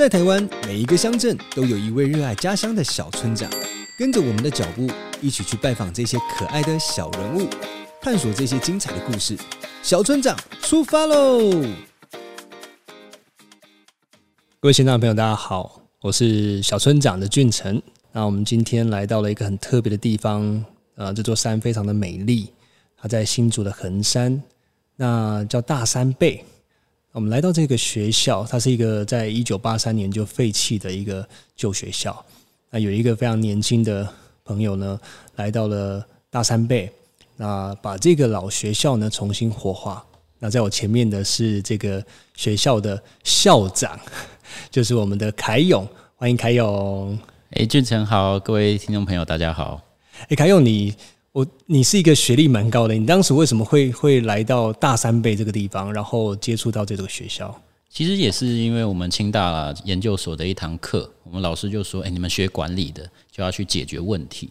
在台灣，每一個鄉鎮都有一位熱愛家鄉的小村長。跟着我們的腳步，一起去拜訪這些可愛的小人物，探索這些精彩的故事。小村長出發嘍！各位現場的朋友，大家好，我是小村長的俊成。那我們今天來到了一個很特別的地方，啊、呃，這座山非常的美麗，它在新竹的橫山，那叫大山背。我們來到這個學校，它是一個在一九八三年就廢棄的一個舊學校。那有一個非常年輕的朋友呢，來到了大山背，那把這個老學校呢重新活化。那在我前面的是這個學校的校長，就是我們的凱詠，歡迎凱詠。哎，俊成好，各位聽眾朋友大家好。哎，凱詠你。我，你是一個學歷蠻高的，你當時為什麼會會來到大山背這個地方，然後接觸到這個學校？其實也是因為我們清大研究所的一堂課，我們老師就說：“哎、欸，你們學管理的就要去解決問題，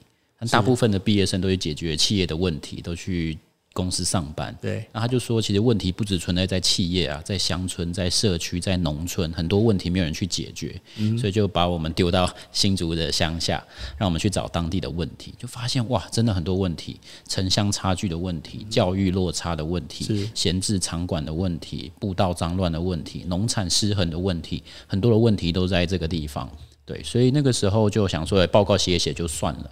大部分的畢業生都去解決企業的問題，都去。”公司上班，對，那他就說，其實問題不只存在在企業啊，在鄉村、在社區、在農村，很多問題沒有人去解決，嗯、所以就把我們丟到新竹的鄉下，讓我們去找當地的問題，就發現哇，真的很多問題，城鄉差距的問題，教育落差的問題，閒置場館的問題，步道髒亂的問題，農產失衡的問題，很多的問題都在這個地方。對，所以那個時候就想說，報告寫一寫就算了。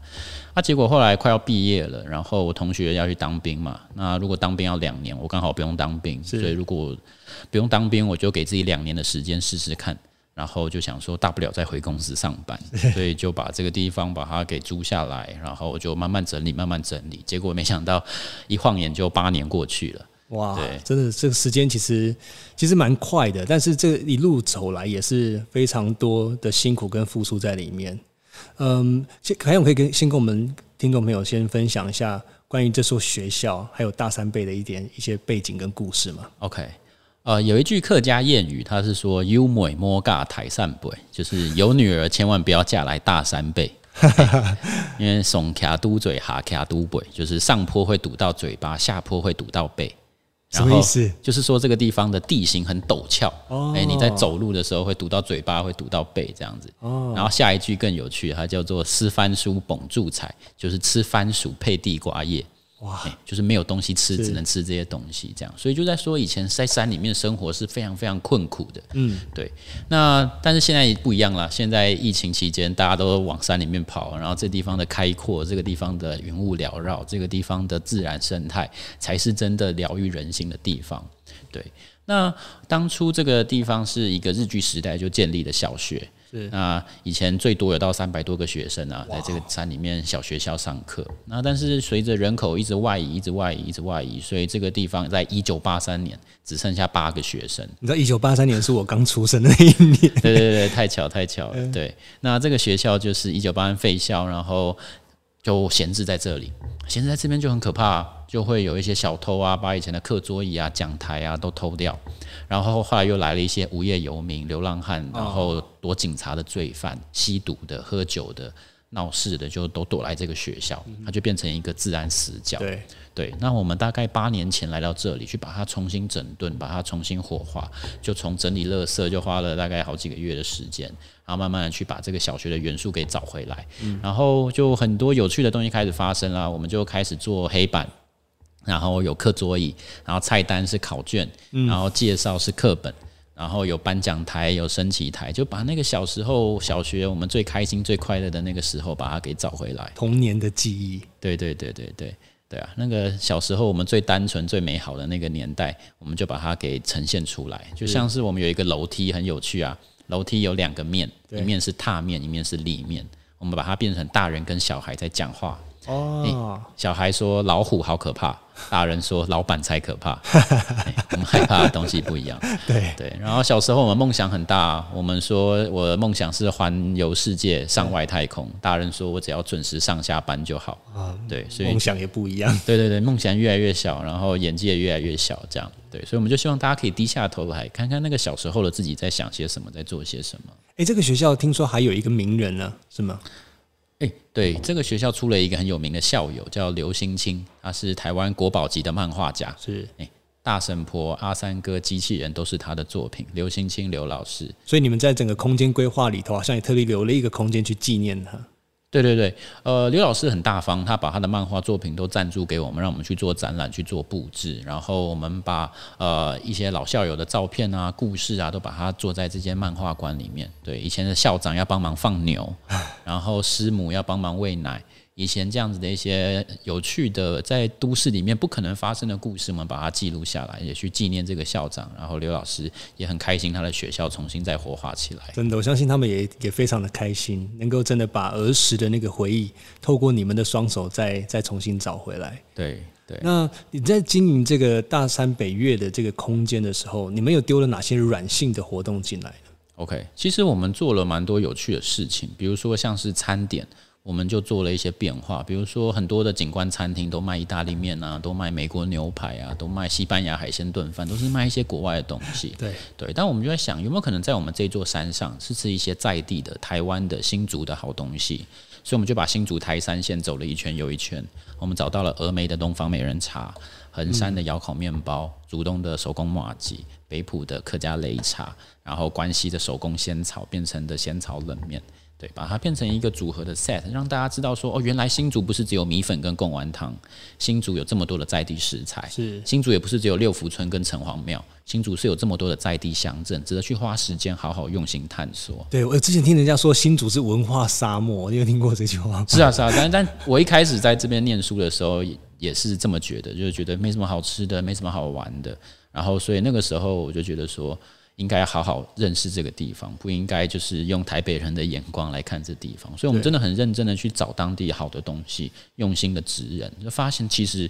啊，結果後來快要畢業了，然後我同學要去當兵嘛，那如果當兵要兩年，我剛好不用當兵，所以如果不用當兵，我就給自己兩年的時間試試看。然後就想說，大不了再回公司上班，所以就把這個地方把它給租下來，然後我就慢慢整理，慢慢整理。結果沒想到，一晃眼就八年過去了。哇，真的，這個時間其實其實蠻快的，但是這一路走來也是非常多的辛苦跟付出在裡面。嗯，其實凱詠可以跟先跟我們聽眾朋友先分享一下關於這所學校還有大山背的一點一些背景跟故事嗎？OK，呃，有一句客家諺語，他是說“優美摸嘎台三輩”，就是有女兒千萬不要嫁來大山背， 哎，因為“聳卡嘟嘴哈卡嘟背”，就是上坡會堵到嘴巴，下坡會堵到背。然後什麼意思？就是說這個地方的地形很陡峭，哎、哦，你在走路的時候會堵到嘴巴，會堵到背這樣子。哦、然後下一句更有趣，它叫做“吃番薯，綁住材”，就是吃番薯配地瓜葉。哇、欸，就是沒有東西吃，只能吃這些東西，這樣，所以就在說以前在山裡面生活是非常非常困苦的。嗯，對。那但是現在也不一樣了，現在疫情期間大家都往山裡面跑，然後這地方的開闊，這個地方的雲霧繚繞，這個地方的自然生態，才是真的療癒人心的地方。對。那當初這個地方是一個日據時代就建立的小學。是，那以前最多有到三百多個學生啊，在這個山裡面小學校上課，wow。那但是隨着人口一直外移，一直外移，一直外移，所以這個地方在一九八三年只剩下八個學生。你知道一九八三年是我剛出生的那一年， 對對對，太巧太巧了，欸。對，那這個學校就是一九八三廢校，然後。就閒置在這裡，閒置在這邊就很可怕啊，就會有一些小偷啊，把以前的課桌椅啊、講臺啊都偷掉，然後後來又來了一些無業遊民、流浪漢，然後躲警察的罪犯、哦、吸毒的、喝酒的。鬧事的就都躲來這個學校，它就變成一個自然死角。對對，那我們大概八年前來到這裡，去把它重新整頓，把它重新活化，就從整理垃圾就花了大概好幾個月的時間，然後慢慢的去把這個小學的元素給找回來、嗯，然後就很多有趣的東西開始發生了。我們就開始做黑板，然後有課桌椅，然後菜單是考卷，然後介紹是課本。嗯然後有頒獎台，有升旗台，就把那個小時候小學我們最開心、最快樂的那個時候，把它給找回來。童年的記憶，對對對對對對啊，那個小時候我們最單純、最美好的那個年代，我們就把它給呈現出來。就像是我們有一個樓梯很有趣啊，樓梯有兩個面，對，一面是踏面，一面是立面，我們把它變成大人跟小孩在講話。哦、oh.，小孩說老虎好可怕，大人說老闆才可怕。 我們害怕的東西不一樣。 對對，然後小時候我們夢想很大，我們說我的夢想是環遊世界、嗯、上外太空。大人說我只要準時上下班就好。啊、哦，對，所以夢想也不一樣、嗯。對對對，夢想越來越小，然後眼界也越來越小，這樣。對，所以我們就希望大家可以低下頭來，看看那個小時候的自己在想些什麼，在做些什麼。哎，這個學校聽說還有一個名人呢、啊，是嗎？誒、欸，對，這個學校出了一個很有名的校友，叫劉興欽。他是台灣國寶級的漫畫家，是誒、欸，大嬸婆、阿三哥、機器人都是他的作品。劉興欽、劉老師，所以你們在整個空間規劃裡頭，好像也特地留了一個空間去紀念他。對對對，呃，劉老師很大方，他把他的漫畫作品都贊助給我們，讓我們去做展覽、去做布置，然後我們把呃一些老校友的照片啊、故事啊，都把它做在這間漫畫館裡面。對，以前的校長要幫忙放牛。 然後師母要幫忙餵奶，以前這樣子的一些有趣的，在都市裡面不可能發生的故事，我們把它記錄下來，也去紀念這個校長。然後劉老師也很開心，他的學校重新再活化起來。真的，我相信他們也也非常的開心，能夠真的把兒時的那個回憶，透過你們的雙手再再重新找回來。對對。那你在經營這個大山北月的這個空間的時候，你們有丟了哪些軟性的活動進來？OK，其實我們做了蠻多有趣的事情，比如說像是餐點，我們就做了一些變化，比如說很多的景觀餐廳都賣意大利面啊，都賣美國牛排啊，都賣西班牙海鮮燉飯，都是賣一些國外的東西。對對，但我們就在想，有沒有可能在我們這座山上，是吃一些在地的台灣的新竹的好東西？所以我們就把新竹台三線走了一圈又一圈，我們找到了峨眉的東方美人茶，橫山的窑烤麵包，竹東的手工麻糬，北埔的客家擂茶，然後關西的手工仙草變成的仙草冷麵。對，把它變成一個組合的 set，讓大家知道說，哦，原來新竹不是只有米粉跟貢丸湯，新竹有這麼多的在地食材。是，新竹也不是只有六福村跟城隍廟，新竹是有這麼多的在地鄉鎮，值得去花時間好好用心探索。對，我之前聽人家說新竹是文化沙漠，你有聽過這句話嗎？是啊，是啊，但但我一開始在這邊唸書的時候也，也是這麼覺得，就是覺得沒什麼好吃的，沒什麼好玩的。然後，所以那個時候我就覺得說。應該好好認識這個地方，不應該就是用台北人的眼光來看這個地方。所以，我們真的很認真的去找當地好的東西，用心的職人，就發現其實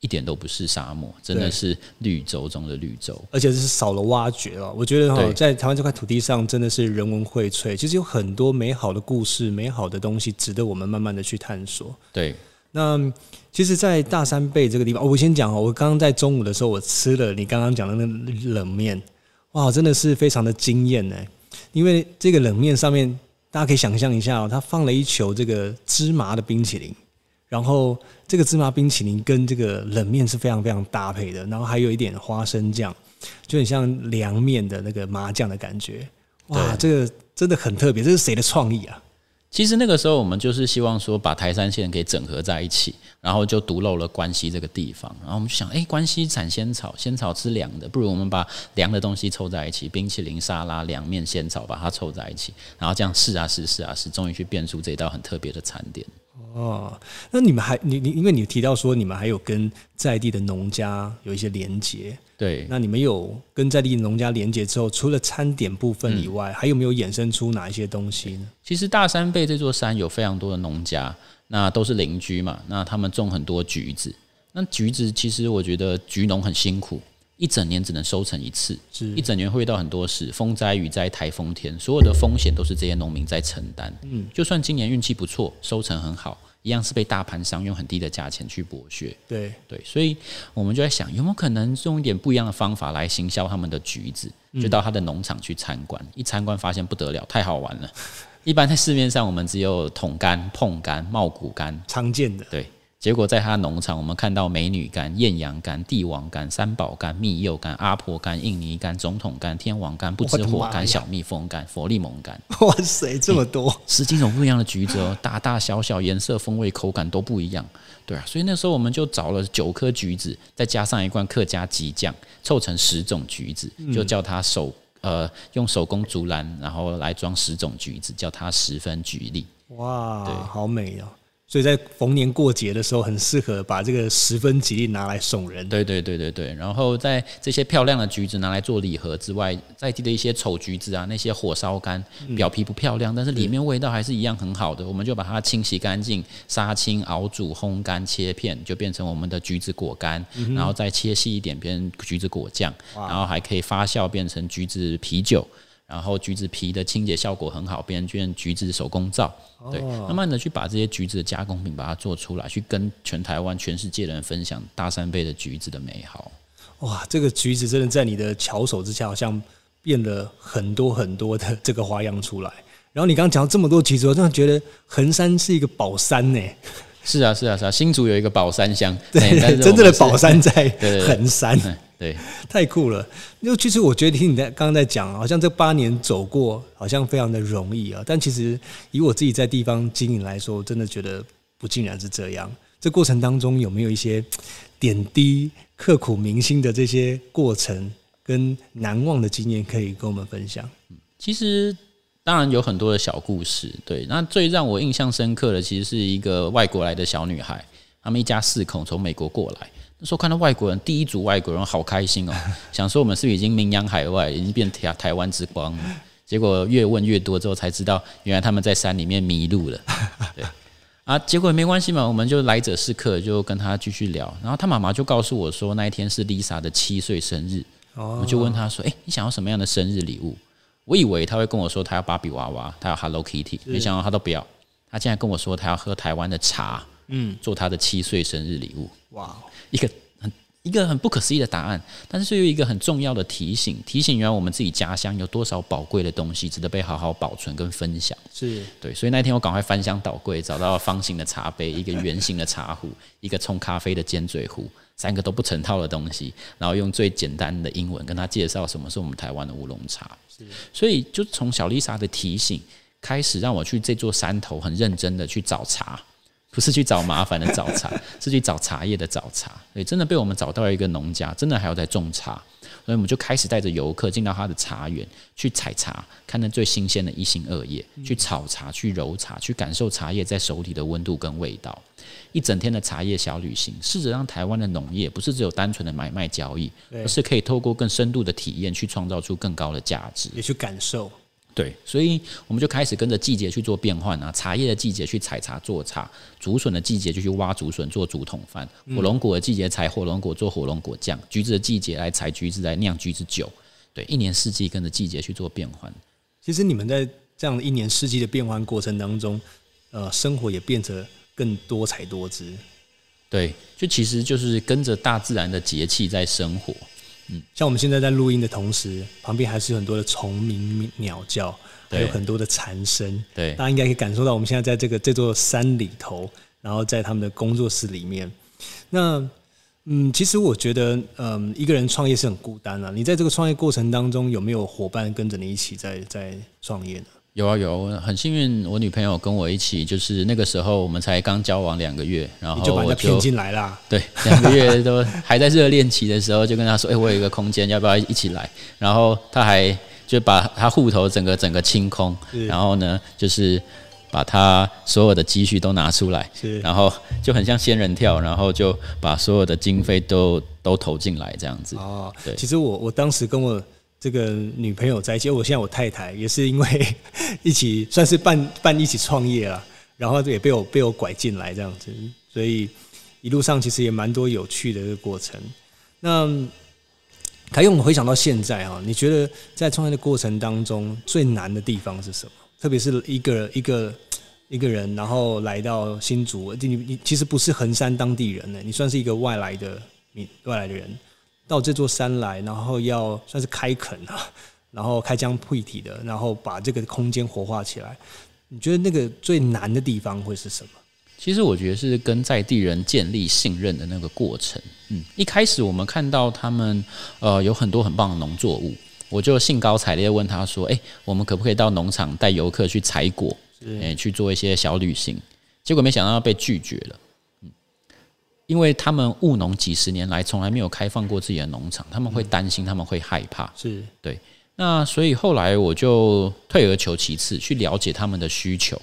一點都不是沙漠，真的是綠洲中的綠洲。而且是少了挖掘哦。我覺得哦，在台灣這塊土地上，真的是人文薈萃，其實有很多美好的故事、美好的東西，值得我們慢慢的去探索。對，那其實，在大山背這個地方，我先講哦，我剛剛在中午的時候，我吃了你剛剛講的那個冷麵。哇、哦，真的是非常的驚豔呢！因為這個冷麵上面，大家可以想象一下哦，它放了一球這個芝麻的冰淇淋，然後這個芝麻冰淇淋跟這個冷麵是非常非常搭配的，然後還有一點花生醬，就很像涼麵的那個麻醬的感覺。哇，這個真的很特別，這是誰的創意啊？其實那個時候，我們就是希望說，把台三線給整合在一起，然後就獨漏了關西這個地方。然後我們就想，誒、欸，關西產仙草，仙草吃涼的，不如我們把涼的東西湊在一起，冰淇淋、沙拉、涼麵、仙草，把它湊在一起。然後這樣試啊試、啊啊，試啊試，終於去變出這一道很特別的餐點。哦，那你們還你你因為你提到說你們還有跟在地的農家有一些連接，對，那你們有跟在地的農家連接之後，除了餐點部分以外，嗯，還有沒有衍生出哪一些東西呢？其實大山背這座山有非常多的農家，那都是鄰居嘛，那他們種很多橘子，那橘子其實我覺得橘農很辛苦。一整年只能收成一次是，一整年會遇到很多事，風災、雨災、颱風天，所有的風險都是這些農民在承擔。嗯，就算今年運氣不錯，收成很好，一樣是被大盤商用很低的價錢去剝削。對對，所以我們就在想，有沒有可能用一點不一樣的方法來行銷他們的橘子？就到他的農場去參觀，嗯、一參觀發現不得了，太好玩了。 一般在市面上，我們只有桶柑、椪柑、茂谷柑，常見的。對。結果在他農場，我們看到美女柑、豔陽柑、帝王柑、三寶柑、蜜柚柑、阿婆柑、印尼柑、總統柑、天王柑、不知火柑、小蜜蜂柑、佛利蒙柑。哇塞，這麼多！十幾種不一樣的橘子哦，大大小小、顏色、風味、口感都不一樣。對啊，所以那時候我們就找了九顆橘子，再加上一罐客家桔醬，湊成十種橘子，就叫它手、嗯、呃用手工竹籃，然後來裝十種橘子，叫它十分橘力。哇，對，好美哦。所以在逢年過節的時候，很適合把這個十分吉利拿來送人。對對對對對。然後在這些漂亮的橘子拿來做禮盒之外，在地的一些醜橘子啊，那些火燒乾、嗯，表皮不漂亮，但是裡面味道還是一樣很好的。嗯、我們就把它清洗乾淨、殺青、熬煮、烘乾、切片，就變成我們的橘子果乾、嗯。然後再切細一點，變成橘子果醬。然後還可以發酵，變成橘子啤酒。然後橘子皮的清潔效果很好，別人就用橘子手工皂，對，那慢慢的去把這些橘子的加工品把它做出來，去跟全台灣、全世界人分享大山背的橘子的美好。哇，這個橘子真的在你的巧手之下，好像變了很多很多的這個花樣出來。然後你剛剛講這麼多橘子，我真的覺得橫山是一個寶山呢。是啊，是啊，是啊，新竹有一個寶山鄉，對，對，對，真正的寶山在橫山。對對對對對，太酷了。那其實我覺得聽你在剛剛在講，好像這八年走過，好像非常的容易啊。但其實以我自己在地方經營來說，我真的覺得不盡然是這樣。這過程當中有沒有一些點滴刻苦銘心的這些過程跟難忘的經驗可以跟我們分享？嗯，其實當然有很多的小故事。對,那最讓我印象深刻的其實是一個外國來的小女孩，他們一家四口從美國過來。那時候看到外國人，第一組外國人好開心哦，想說我們是不是已經名揚海外，已經變台灣之光了？結果越問越多之後，才知道原來他們在山裡面迷路了。對啊，結果沒關係嘛，我們就來者是客，就跟他繼續聊。然後他媽媽就告訴我說，那一天是 Lisa 的七歲生日。哦哦，我就問他說：“誒、欸，你想要什麼樣的生日禮物？”我以為他會跟我說他要芭比娃娃，他要 Hello Kitty，沒想到他都不要。他竟然跟我說他要喝台灣的茶。嗯，做他的七歲生日禮物。哇、wow，一個很一個很不可思議的答案，但是又一個很重要的提醒，提醒原來我們自己家鄉有多少寶貴的東西值得被好好保存跟分享。是對，所以那天我趕快翻箱倒櫃，找到方形的茶杯， 一個圓形的茶壺，一個沖咖啡的尖嘴壺，三個都不成套的東西，然後用最簡單的英文跟他介紹什麼是我們台灣的烏龍茶。是，所以就從小麗莎的提醒開始，讓我去這座山頭很認真的去找茶。不是去找麻煩的找碴， 是去找茶葉的找茶。誒，真的被我們找到一個農家，真的還要在種茶，所以我們就開始帶着遊客進到他的茶園去採茶，看那最新鮮的一心二葉、嗯，去炒茶、去揉茶、去感受茶葉在手底的溫度跟味道。一整天的茶葉小旅行，試着讓台灣的農業不是只有單純的買賣交易，而是可以透過更深度的體驗去創造出更高的價值。也去感受。對，所以我們就開始跟着季節去做變換啊。茶葉的季節去採茶做茶，竹筍的季節就去挖竹筍做竹筒飯，嗯，火龍果的季節採火龍果做火龍果醬，橘子的季節來採橘子來釀橘子酒。對，一年四季跟着季節去做變換。其實你們在這樣一年四季的變換過程當中，呃，生活也變得更多彩多姿。對，就其實就是跟着大自然的節氣在生活。嗯，像我們現在在錄音的同時，旁邊還是有很多的蟲鳴、鳥叫，還有很多的蟬聲。對，大家應該可以感受到，我們現在在這個這座山裡頭，然後在他們的工作室裡面。那，嗯，其實我覺得，嗯，一個人創業是很孤單啊。你在這個創業過程當中，有沒有夥伴跟着你一起在在創業呢？有啊有啊，很幸運，我女朋友跟我一起，就是那個時候我們才剛交往兩個月，然後就我就騙進來啦。對，兩個月都還在熱戀期的時候， 就跟她說：“哎、欸，我有一個空間，要不要一起來？”然後她還就把她戶頭整個整個清空，然後呢，就是把她所有的積蓄都拿出來是，然後就很像仙人跳，然後就把所有的經費都都投進來這樣子。哦，對，其實我我當時跟我。這個女朋友在，一起，我現在我太太也是因為一起算是半辦，辦一起創業了，然後也被我被我拐進來這樣子，所以一路上其實也蠻多有趣的這個過程。那凱詠，我們回想到現在啊？你覺得在創業的過程當中最難的地方是什麼？特別是一個一個一個人，然後來到新竹，你你其實不是橫山當地人呢，你算是一個外來的你外來的人。到這座山來，然後要算是開墾啊，然後開疆闢地的，然後把這個空間活化起來。你覺得那個最難的地方會是什麼？其實我覺得是跟在地人建立信任的那個過程。嗯，一開始我們看到他們呃有很多很棒的農作物，我就興高采烈問他說：“欸，我們可不可以到農場帶遊客去採果？欸，去做一些小旅行？”結果沒想到被拒絕了。因為他們務農幾十年來從來沒有開放過自己的農場，他們會擔心，嗯，他們會害怕。是對。那所以後來我就退而求其次，去了解他們的需求，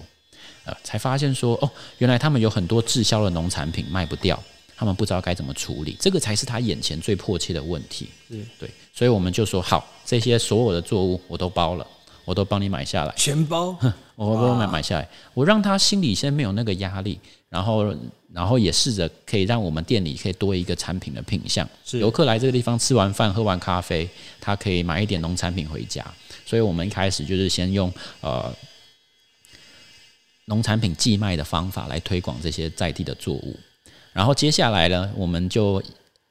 呃，才發現說，哦，原來他們有很多滯銷的農產品賣不掉，他們不知道該怎麼處理，這個才是他眼前最迫切的問題。對，所以我們就說好，這些所有的作物我都包了，我都幫你買下來，全包？我我買買下來，我讓他心裡先沒有那個壓力，然後然後也試着可以讓我們店裡可以多一個產品的品項，是，遊客來這個地方吃完飯喝完咖啡，他可以買一點農產品回家。所以我們一開始就是先用呃農產品寄賣的方法來推廣這些在地的作物，然後接下來呢，我們就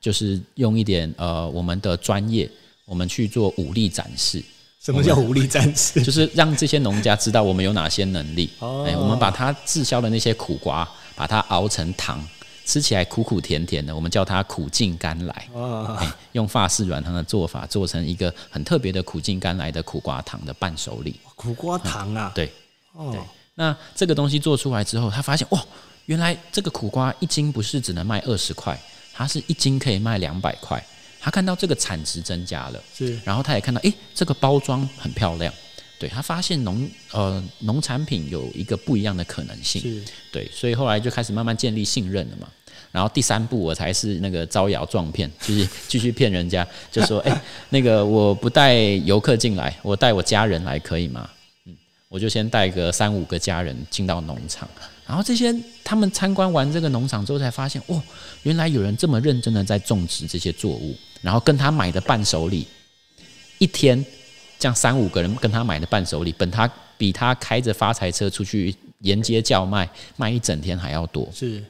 就是用一點呃我們的專業，我們去做武力展示。什麼叫“狐狸戰士”？就是讓這些農家知道我們有哪些能力。 哎、哦欸，我們把它滯銷的那些苦瓜，把它熬成糖，吃起來苦苦甜甜的。我們叫它苦“苦盡甘來”。用法式軟糖的做法，做成一個很特別的“苦盡甘來”的苦瓜糖的伴手禮。苦瓜糖啊，啊對，哦、對，那這個東西做出來之後，他發現哦，原來這個苦瓜一斤不是只能賣二十塊，它是一斤可以賣兩百塊。他看到這個產值增加了，是，然後他也看到，誒、欸，這個包裝很漂亮，對，他發現農呃農產品有一個不一樣的可能性是，對，所以後來就開始慢慢建立信任了嘛。然後第三步，我才是那個招搖撞騙，就是繼續騙人家， 就說，哎、欸，那個我不帶遊客進來，我帶我家人來可以嗎？嗯，我就先帶個三五個家人進到農場，然後這些他們參觀完這個農場之後才發現，哦，原來有人這麼認真的在種植這些作物。然後跟他買的伴手禮，一天這樣三五個人跟他買的伴手禮，本他比他開着發財車出去沿街叫賣賣一整天還要多。是，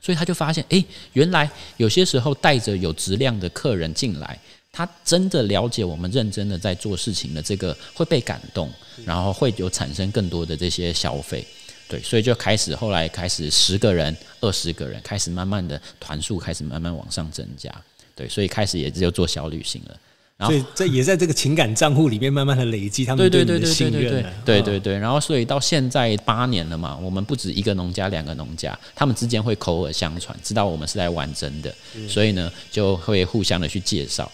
所以他就發現，誒，原來有些時候帶着有質量的客人進來，他真的了解我們認真的在做事情的這個會被感動，然後會有產生更多的這些消費。對，所以就開始後來開始十個人、二十個人開始慢慢的團數開始慢慢往上增加。對，所以開始也只有做小旅行了，然後所以這也在這個情感賬戶裡面慢慢的累積他們對對對的心願、啊。對對對，然後所以到現在八年了嘛，我們不止一個農家兩個農家，他們之間會口耳相傳，知道我們是來玩真的，嗯、所以呢就會互相的去介紹。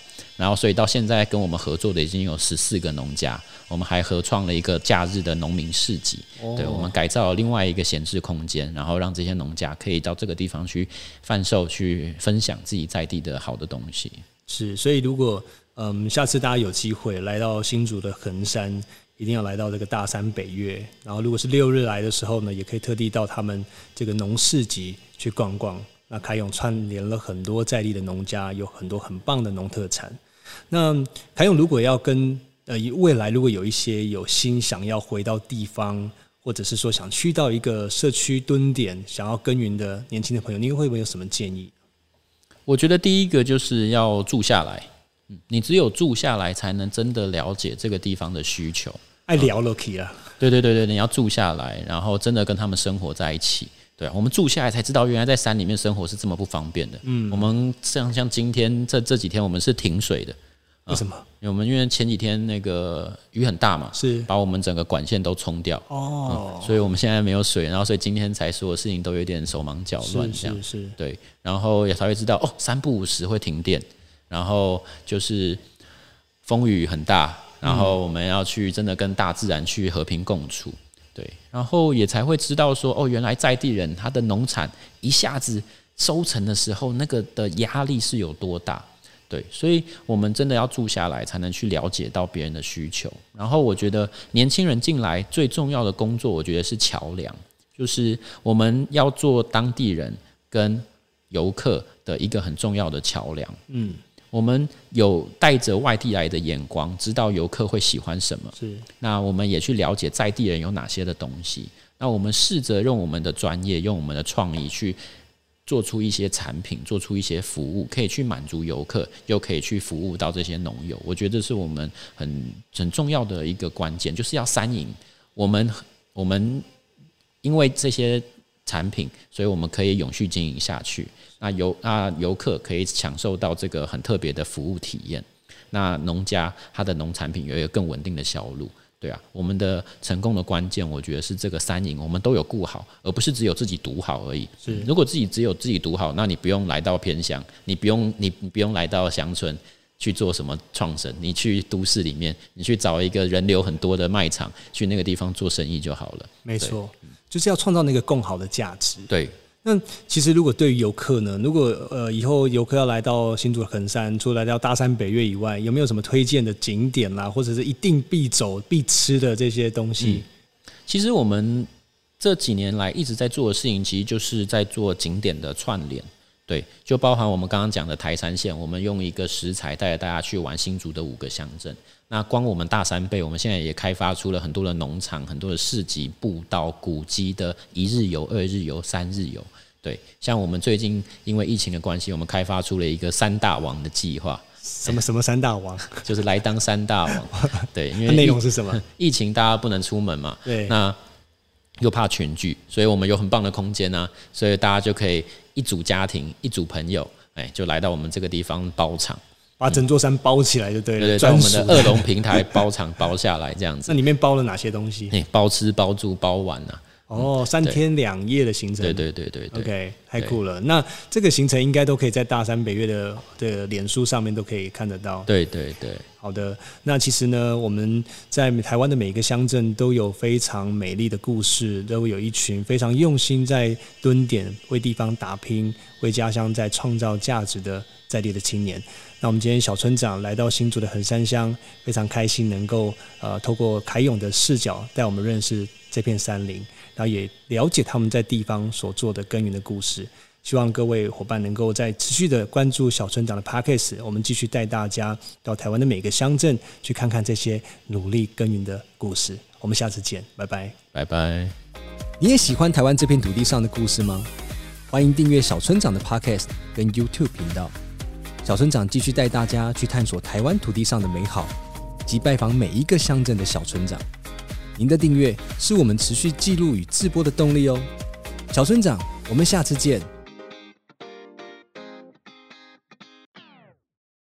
然後，所以到現在跟我們合作的已經有十四個農家，我們還合創了一個假日的農民市集，哦。對，我們改造了另外一個閒置空間，然後讓這些農家可以到這個地方去販售，去分享自己在地的好的東西。是，所以如果嗯，下次大家有機會來到新竹的橫山，一定要來到這個大山北月。然後，如果是六日來的時候呢，也可以特地到他們這個農市集去逛逛。那凱詠串聯了很多在地的農家，有很多很棒的農特產。那凱詠，如果要跟呃未來，如果有一些有心想要回到地方，或者是說想去到一個社區蹲點，想要耕耘的年輕的朋友，您會不會有什麼建議？我覺得第一個就是要住下來，嗯，你只有住下來，才能真的了解這個地方的需求。愛聊了可以了，對對對對，你要住下來，然後真的跟他們生活在一起。對，我們住下來，才知道，原來在山裡面生活是這麼不方便的。嗯，我們像像今天這這幾天，我們是停水的。為什麼？因為、嗯、我們因為前幾天那個雨很大嘛，是把我們整個管線都沖掉哦、嗯，所以我們現在沒有水。然後，所以今天才所有事情都有點手忙腳亂這樣，是是。是，對。然後也稍微知道哦，三不五時會停電。然後就是風雨很大，然後我們要去真的跟大自然去和平共處。嗯對，然後也才會知道說，哦，原來在地人他的農產一下子收成的時候，那個的壓力是有多大。對，所以我們真的要住下來，才能去了解到別人的需求。然後我覺得年輕人進來最重要的工作，我覺得是橋梁，就是我們要做當地人跟遊客的一個很重要的橋梁。嗯。我們有帶着外地來的眼光，知道遊客會喜歡什麼。是，那我們也去了解在地人有哪些的東西。那我們試着用我們的專業，用我們的創意去做出一些產品，做出一些服務，可以去滿足遊客，又可以去服務到這些農友。我覺得是我們很很重要的一個關鍵，就是要三贏。我們我們因為這些。產品，所以我們可以永續經營下去。那游那游客可以享受到這個很特別的服務體驗。那農家他的農產品有一個更穩定的銷路，對啊。我們的成功的關鍵，我覺得是這個三贏，我們都有顧好，而不是只有自己獨好而已。是，如果自己只有自己獨好，那你不用來到偏鄉，你不用你不用來到鄉村，去做什麼創生？你去都市裡面，你去找一個人流很多的賣場，去那個地方做生意就好了。沒錯，就是要創造那個更好的價值。對。那其實如果對於遊客呢，如果呃以後遊客要來到新竹橫山，除了來到大山北月以外，有沒有什麼推薦的景點啦、啊，或者是一定必走必吃的這些東西，嗯？其實我們這幾年來一直在做的事情，其實就是在做景點的串聯。對，就包含我們剛剛講的台三線，我們用一個食材帶着大家去玩新竹的五個鄉鎮。那光我們大山背，我們現在也開發出了很多的農場、很多的市集、步道、古蹟的一日遊、二日遊、三日遊。對，像我們最近因為疫情的關係，我們開發出了一個三大王的計劃。什麼什麼三大王？就是來當三大王。 對，因為它內容是什麼？疫情大家不能出門嘛。對。那又怕群聚，所以我們有很棒的空間啊，所以大家就可以。一組家庭，一組朋友，哎，就來到我們這個地方包場，把整座山包起來就對了。嗯、對，對，對，在我們的二龍平台包場包下來這樣子。 那裡面包了哪些東西？哎、包吃、包住包、啊、包玩吶。哦，三天兩夜的行程，對對對對，對，OK，太酷了。那這個行程應該都可以在大山北月的的臉書上面都可以看得到。對對對，好的。那其實呢，我們在台灣的每一個鄉鎮都有非常美麗的故事，都有一群非常用心在蹲點為地方打拼、為家鄉在創造價值的在地的青年。那我們今天小村長來到新竹的橫山鄉，非常開心能夠呃，透過凱詠的視角帶我們認識這片山林。也了解他們在地方所做的耕耘的故事，希望各位夥伴能夠再持續的關注小村長的 Podcast，我們繼續帶大家到台灣的每個鄉鎮去看看這些努力耕耘的故事。我們下次見，拜拜，拜拜。你也喜歡台灣這片土地上的故事嗎？歡迎訂閱小村長的 Podcast 跟 YouTube 頻道，小村長繼續帶大家去探索台灣土地上的美好及拜訪每一個鄉鎮的小村長。您的訂閱是我們持續記錄與製播的動力哦，小村長，我們下次見。